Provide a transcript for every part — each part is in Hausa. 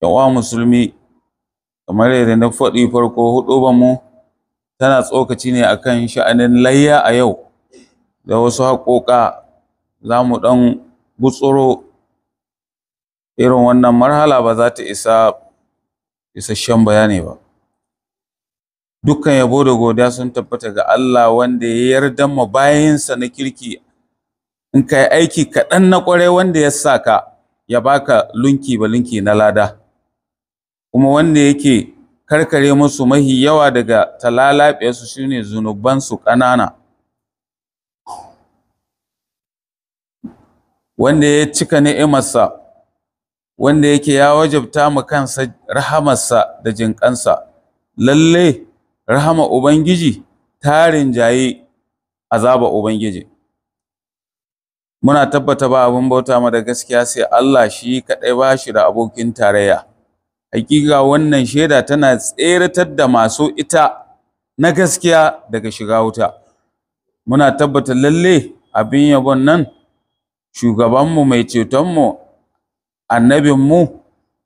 Yawa musulmi, kamar yadda na faɗi farko mu tana tsokaci ne akan sha'anin layya a yau da wasu haƙoƙa za mu ɗan gutsuro irin wannan marhala ba za ta isa isasshen bayani ba. Dukkan yabo da godiya sun tabbata ga Allah wanda ya yarda ma bayinsa na kirki in kai aiki kaɗan na ƙwarai wanda ya saka ya baka lunki ba lunki na lada. kuma wanda yake karkare musu mahi yawa daga talalafiyarsu shine zunubansu ƙanana wanda ya cika ni'imarsa wanda yake ya wajabta mu kansa rahamarsa da jinƙansa lalle rahama ubangiji tarin jaye azaba ubangiji muna tabbata ba abin bauta ma da gaskiya sai Allah shi kaɗai ba shi da abokin tarayya hakika wannan shaida tana tseratar da masu ita na gaskiya daga shiga wuta muna tabbata lalle abin yabon nan shugabanmu mai cetonmu annabinmu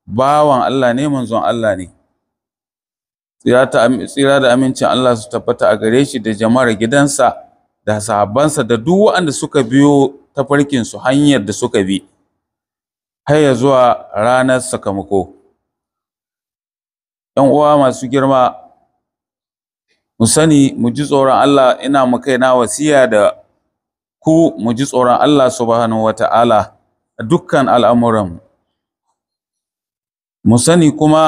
bawan Allah ne manzon Allah ne tsira da amincin Allah su tabbata a gare shi da jama'ar gidansa da sahabbansa da duk waɗanda suka biyo tafarkinsu hanyar da suka bi har zuwa ranar sakamako ‘Yan uwa masu girma, mu sani mu ji tsoron Allah ina mu kaina wasiya da ku mu ji tsoron Allah subhanahu wata'ala a dukkan al'amuran. Mu sani kuma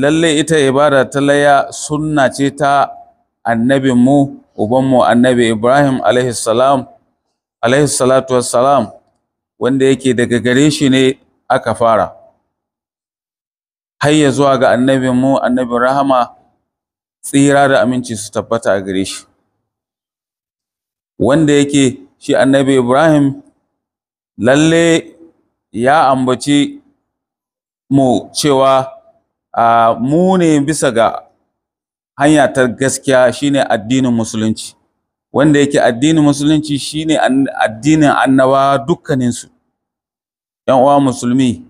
lalle ita ibada ta laya sunna ce ta annabinmu, ubanmu annabi Ibrahim alaihi salatu wassalam, wanda yake daga gare shi ne aka fara. har ya zuwa ga annabinmu annabin rahama tsira da aminci su tabbata a gare shi wanda yake shi annabi Ibrahim lalle ya ambaci mu cewa a mu ne bisa ga hanya ta gaskiya shine addinin musulunci wanda yake addinin musulunci shine addinin annabawa dukkaninsu ‘yan uwa musulmi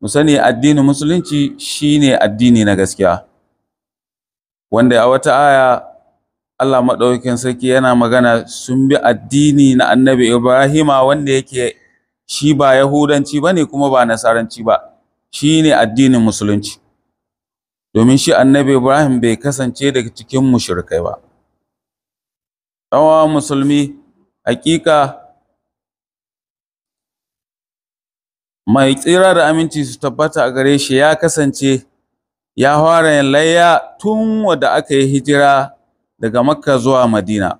mu sani addinin musulunci shine addini na gaskiya wanda a wata aya Allah maɗaukakin sarki yana magana sun bi addini na annabi Ibrahima wanda yake shi ba Yahudanci ba ne kuma ba Nasaranci ba shi ne addinin Musulunci domin shi annabi Ibrahim bai kasance daga cikin mushrikai ba ɗan musulmi hakika mai tsira da aminci su tabbata a gare shi ya kasance ya fara yin layya tun wanda aka yi hijira daga makka zuwa madina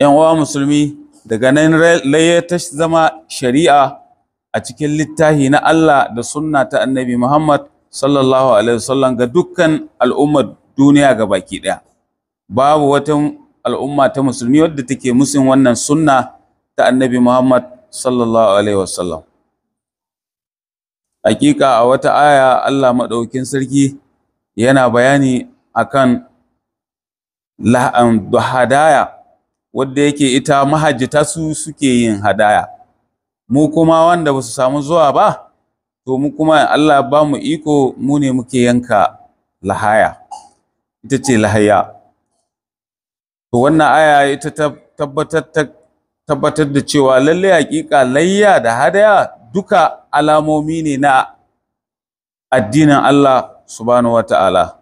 yan uwa musulmi daga nan layya ta zama shari'a a cikin littafi na Allah da sunna ta annabi Muhammad sallallahu alaihi wasallam ga dukkan al'ummar duniya ga baki daya, babu wata al'umma ta musulmi wadda take musin wannan sunna ta annabi Muhammad sallallahu alaihi wasallam hakika a wata aya Allah madaukin sarki yana bayani akan la'an hadaya wadda yake ita mahajjata su suke yin hadaya mu kuma wanda basu samu zuwa ba to mu kuma Allah ba mu iko mu ne muke yanka lahaya ita ce lahaya to wannan aya ita tabbatar ta tabbatar da cewa lalle hakika layya da hadaya duka alamomi ne na addinin Allah subhanahu wata'ala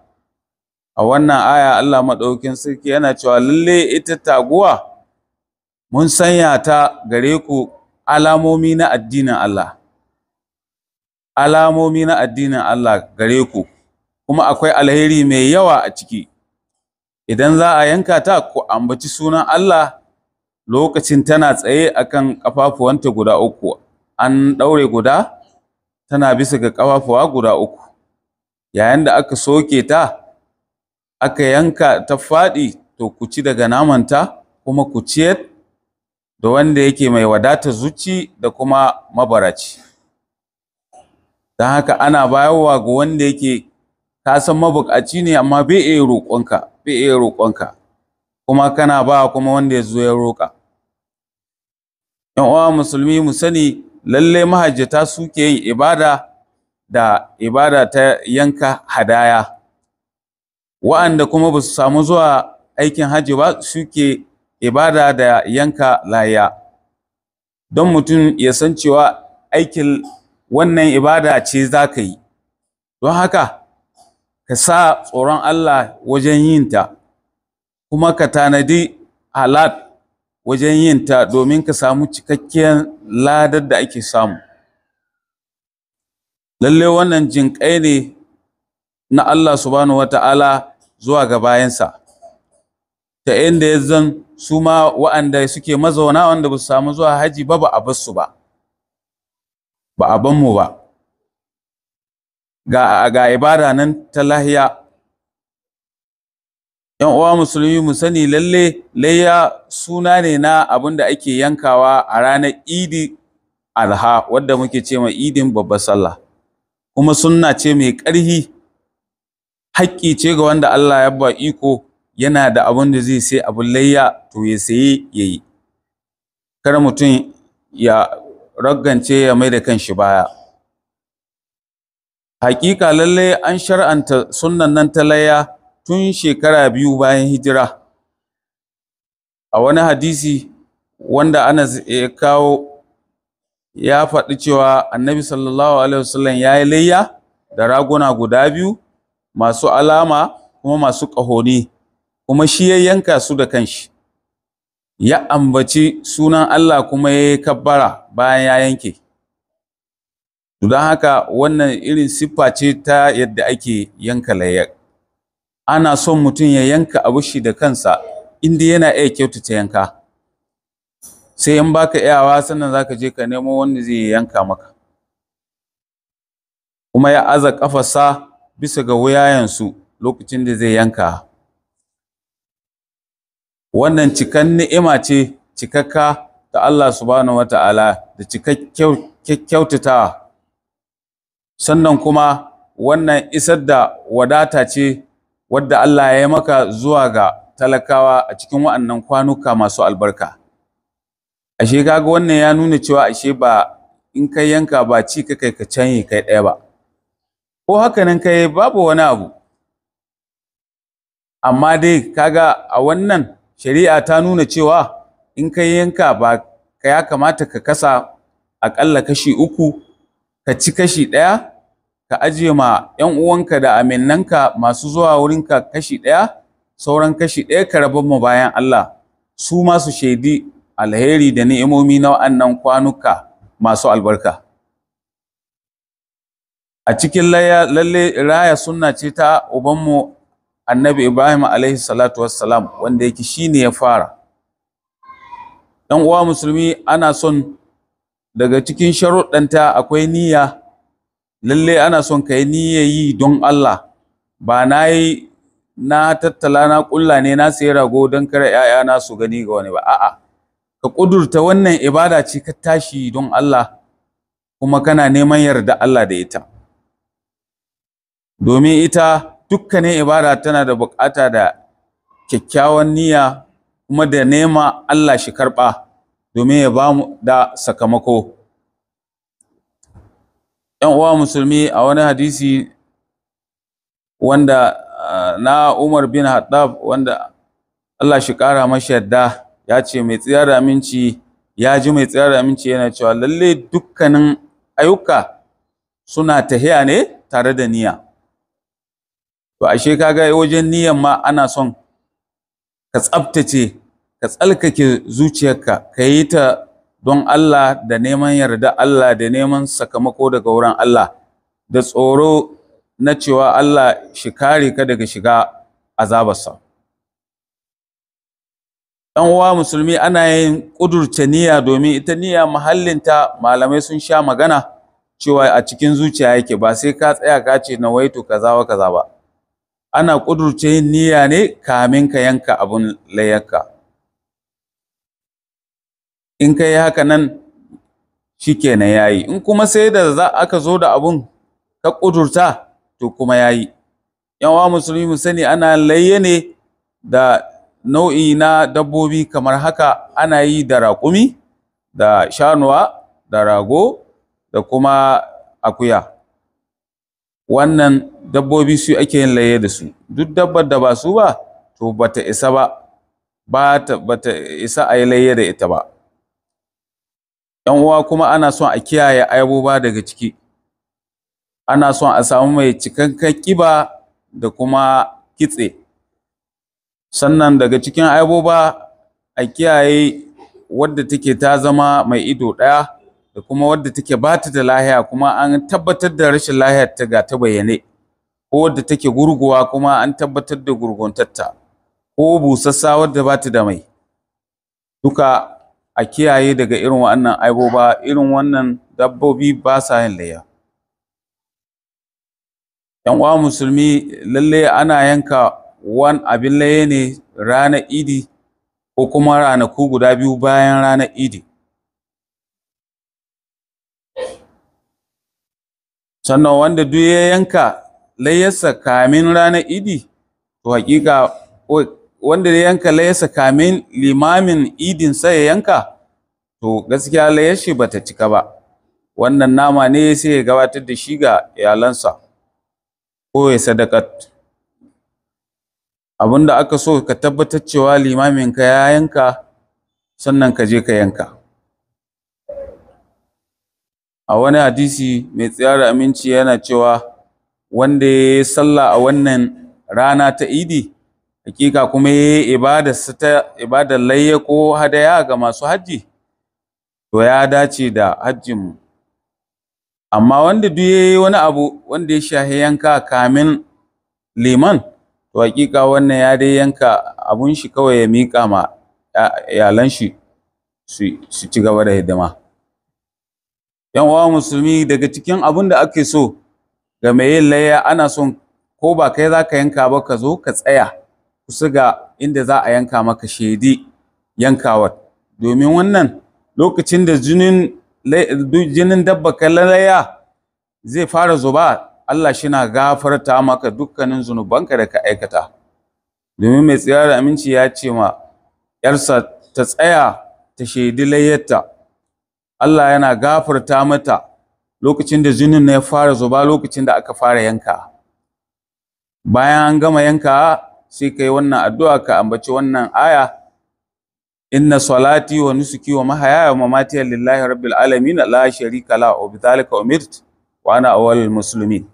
a wannan aya Allah maɗaukin sarki yana cewa lalle ita taguwa mun sanya ta gare ku alamomi na addinin Allah alamomi na addinin Allah gare ku kuma akwai alheri mai yawa a ciki idan za a yanka ta ku ambaci sunan Allah lokacin tana tsaye akan ƙafafuwanta guda uku an ɗaure guda tana bisa ga kafafuwa guda uku yayin da aka soke ta aka yanka ta faɗi to ku ci daga namanta kuma ku ciyar da wanda yake mai wadata zuci da kuma mabaraci don haka ana bayarwa ga wanda yake ka san mabukaci ne amma bai iya roƙonka bai iya roƙonka kuma kana ba kuma wanda ya zo ya roƙa yan uwa musulmi mu sani lalle mahajjata suke yin ibada da ibada ta yanka hadaya wa'anda kuma ba su samu zuwa aikin hajji ba suke ibada da yanka laya don mutum ya san cewa aikin wannan ibada ce za ka yi don haka ka sa tsoron Allah wajen yinta kuma ka tanadi halat wajen yin ta domin ka samu cikakken ladar da ake samu lalle wannan jinƙai ne na Allah subhanahu ta’ala zuwa ga bayansa ta inda ya zan su ma wa'anda suke mazauna wanda ba su samu zuwa haji ba ba a bar ba ba a banmu ba ga ga ibada nan ta lahiya yan uwa musulmi mu sani lalle layya suna ne na abin da ake yankawa a ranar idi alha wadda muke ce ma idin babba sallah kuma sunna ce mai ƙarhi haƙƙi ce ga wanda Allah ya ba iko yana da abin da zai sai abin layya to ya saye ya yi kar mutum ya raggance ya mai da kanshi baya haƙiƙa lalle an shar'anta sunnan nan ta layya tun shekara biyu bayan hijira a wani hadisi wanda ana ya kawo ya faɗi cewa annabi sallallahu alaihi wasallam ya yi layya da raguna guda biyu masu alama kuma masu ƙahoni kuma shi ya yanka su da kanshi ya ambaci sunan Allah kuma ya yi kabbara bayan ya yanke don haka wannan irin siffa ce ta yadda ake yanka layya ana son mutum ya yanka abu shi da kansa inda yana iya kyautata yanka sai in baka iyawa sannan zaka je ka nemo wanda zai yanka maka kuma ya aza kafarsa bisa ga wuyayensu lokacin da zai yanka wannan cikan ni'ima ce cikakka ta Allah subhanahu wata'ala da kyautatawa sannan kuma wannan isar da wadata ce wadda Allah ya yi maka zuwa ga talakawa a cikin wa'annan kwanuka masu albarka ashe kaga wannan ya nuna cewa ashe ba in kai yanka ba ci ka kai ka canyi kai ɗaya ba ko haka nan kai babu wani abu amma dai kaga a wannan shari'a ta nuna cewa in kai yanka ba ka ya kamata ka kasa aƙalla kashi uku ka ci kashi ɗaya ka ajiye ma 'yan uwanka da aminanka masu zuwa wurinka kashi ɗaya sauran kashi ɗaya ka rabar mu bayan Allah su ma su shaidi alheri da ni'imomi na wa'annan kwanuka masu albarka a cikin lalle raya sunna ce ta ubanmu annabi Ibrahim alaihi salatu wassalam wanda yake shine ya fara ɗan uwa musulmi ana son daga cikin sharuɗanta akwai niyya lalle ana son ka yi niyyar yi don Allah ba na yi na tattala na ƙulla ne na sayi rago don kare ‘ya'yana su gani ga wani ba a'a ka ƙudurta wannan ibada ce ka tashi don Allah kuma kana neman yarda Allah da ita domin ita dukkanin ibada tana da buƙata da kyakkyawan niyya kuma da nema Allah shi karɓa domin ya ba mu da sakamako yan uwa musulmi a wani hadisi wanda ah, na Umar bin Hattab wanda Allah shi kara masa yadda ya ce mai tsiyar da aminci ya ji mai tsiyar da aminci yana cewa lalle dukkanin ayyuka suna tahiya ne tare da niyya to ashe kaga wajen niyyar ma ana son ka tsaftace ka tsalkake zuciyarka ka yi ta don Allah da neman yarda Allah da neman sakamako daga wurin Allah da tsoro na cewa Allah shi kare ka daga shiga azabarsa. ‘Yan uwa musulmi ana yin ƙudurta niyya domin ita niyya mahallinta malamai sun sha magana cewa a cikin zuciya yake ba sai ka tsaya ka ce na waito kaza wa kaza ba. Ana ƙudurce yin niyya ne kamin ka yanka abun layyarka. in ka yi haka nan shi kenan ya yi in kuma sai da za aka zo da abun ka ƙudurta to kuma ya yi yawa musulmi mu ana layye ne da nau'i na dabbobi kamar haka ana yi da raƙumi da shanuwa da rago da kuma akuya wannan dabbobi su ake yin laye da su duk dabbar da ba su ba to bata isa ba bata isa a yi laye da ita ba ‘yan uwa kuma ana son a kiyaye ayaboba daga ciki ana son a samu mai cikakken kiba da kuma kitse sannan daga cikin ayaboba a kiyaye wadda take ta zama mai ido ɗaya da kuma wadda take ba ta da lahiya kuma an tabbatar da rashin lahiyar ta ga ta bayyane ko wadda take gurguwa kuma an tabbatar da gurguntatta, ko busassa wadda ba ta da mai duka a kiyaye daga irin wannan aiboba irin wannan dabbobi ba sa yin layya yan uwa musulmi lalle ana yanka wan abin laye ne ranar idi ko kuma ranaku guda biyu bayan ranar idi sannan wanda duk ya yanka layyarsa kamin ranar idi to hakika wanda ya yanka layasa kamin limamin idin sa ya yanka to gaskiya layashi bata cika ba wannan nama ne sai ya gabatar da shi ga iyalansa ko ya sadakat abinda aka so ka tabbatar cewa limamin ka ya yanka sannan ka je ka yanka a wani hadisi mai tsayar aminci yana cewa wanda ya yi sallah a wannan rana ta idi hakika kuma yayi ibadar ta ibadar layya ko hadaya ga masu hajji to ya dace da hajjin mu amma wanda duk yayi wani abu wanda ya shahi yanka kamin liman to hakika wannan ya dai yanka abun shi kawai ya mika ma yalan shi su ci gaba da hidima yan uwa musulmi daga cikin abun da ake so ga mai yin layya ana son ko ba kai zaka yanka ba ka zo ka tsaya kusa ga inda za a yanka maka shedi yankawar domin wannan lokacin da jinin dabba kallalaya zai fara zuba Allah shi shina gafarta maka dukkanin zunubanka da ka aikata domin mai tsira da aminci ya ce ma yarsa ta tsaya ta shaidi layyarta Allah yana gafarta mata lokacin da jinin ya fara zuba lokacin da aka fara yanka bayan an gama yanka sai ka yi wannan addu'a ka ambaci wannan aya inna salati wa nusuki wa mahayaya wa mamatiyar lillahi rabbil alamin la sharika la wa bidhalika umirt wa ana awal musulmi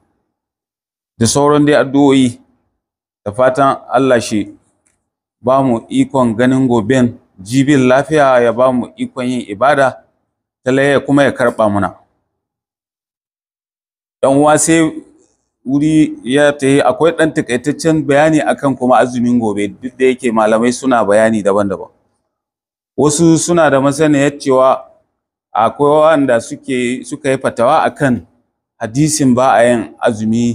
da sauran dai addu'o'i da fatan Allah shi ba mu ikon ganin gobe, jibin lafiya ya ba mu ikon yin ibada talaye kuma ya karɓa muna. Ɗan uwa sai wuri ya tayi akwai ɗan takaitaccen bayani akan kuma azumin gobe duk da yake malamai suna bayani daban-daban wasu suna da masaniyar cewa akwai wanda suke suka yi fatawa akan hadisin ba a yin azumi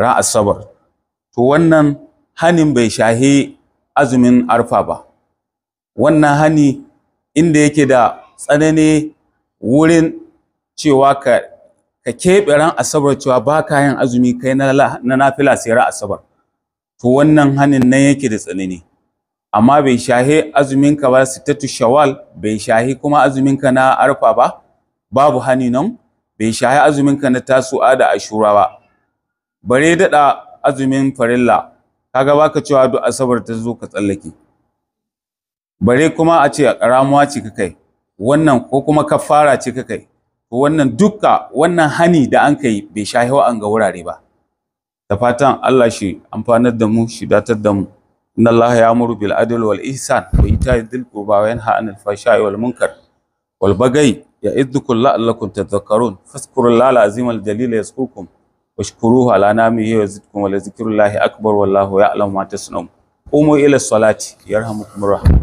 ran asabar to wannan hanin bai shahi azumin arfa ba wannan hani inda yake da tsanani wurin cewa ka ka keɓe ran asabar cewa ba ka yin azumi kai na nafila sai ran asabar to wannan hannun nan yake da tsanani amma bai shahe azuminka ba sitatu shawal bai shahi kuma azuminka na arfa ba babu hani nan bai shahi azuminka na tasu'a da ashura ba bare daɗa azumin farilla kaga baka cewa duk asabar ta zo ka tsallake bare kuma a ce ƙaramuwa ce ka kai wannan ko kuma kafara ce ka kai wannan duka wannan hani da an kai bai sha an ga wurare ba da fatan Allah shi amfanar da mu shi datar da mu inna Allah ya'muru bil adl wal ihsan wa ita'i dhil qurba wa yanha 'anil fahsha'i wal munkar wal baghi ya'idhukum la'allakum tadhakkarun fadhkurullaha al-'azim jalil yazkurkum washkuruhu ala ni'amihi yazidkum wa la akbar wallahu ya'lamu ma tasna'un qumu ila salati yarhamukumur rahman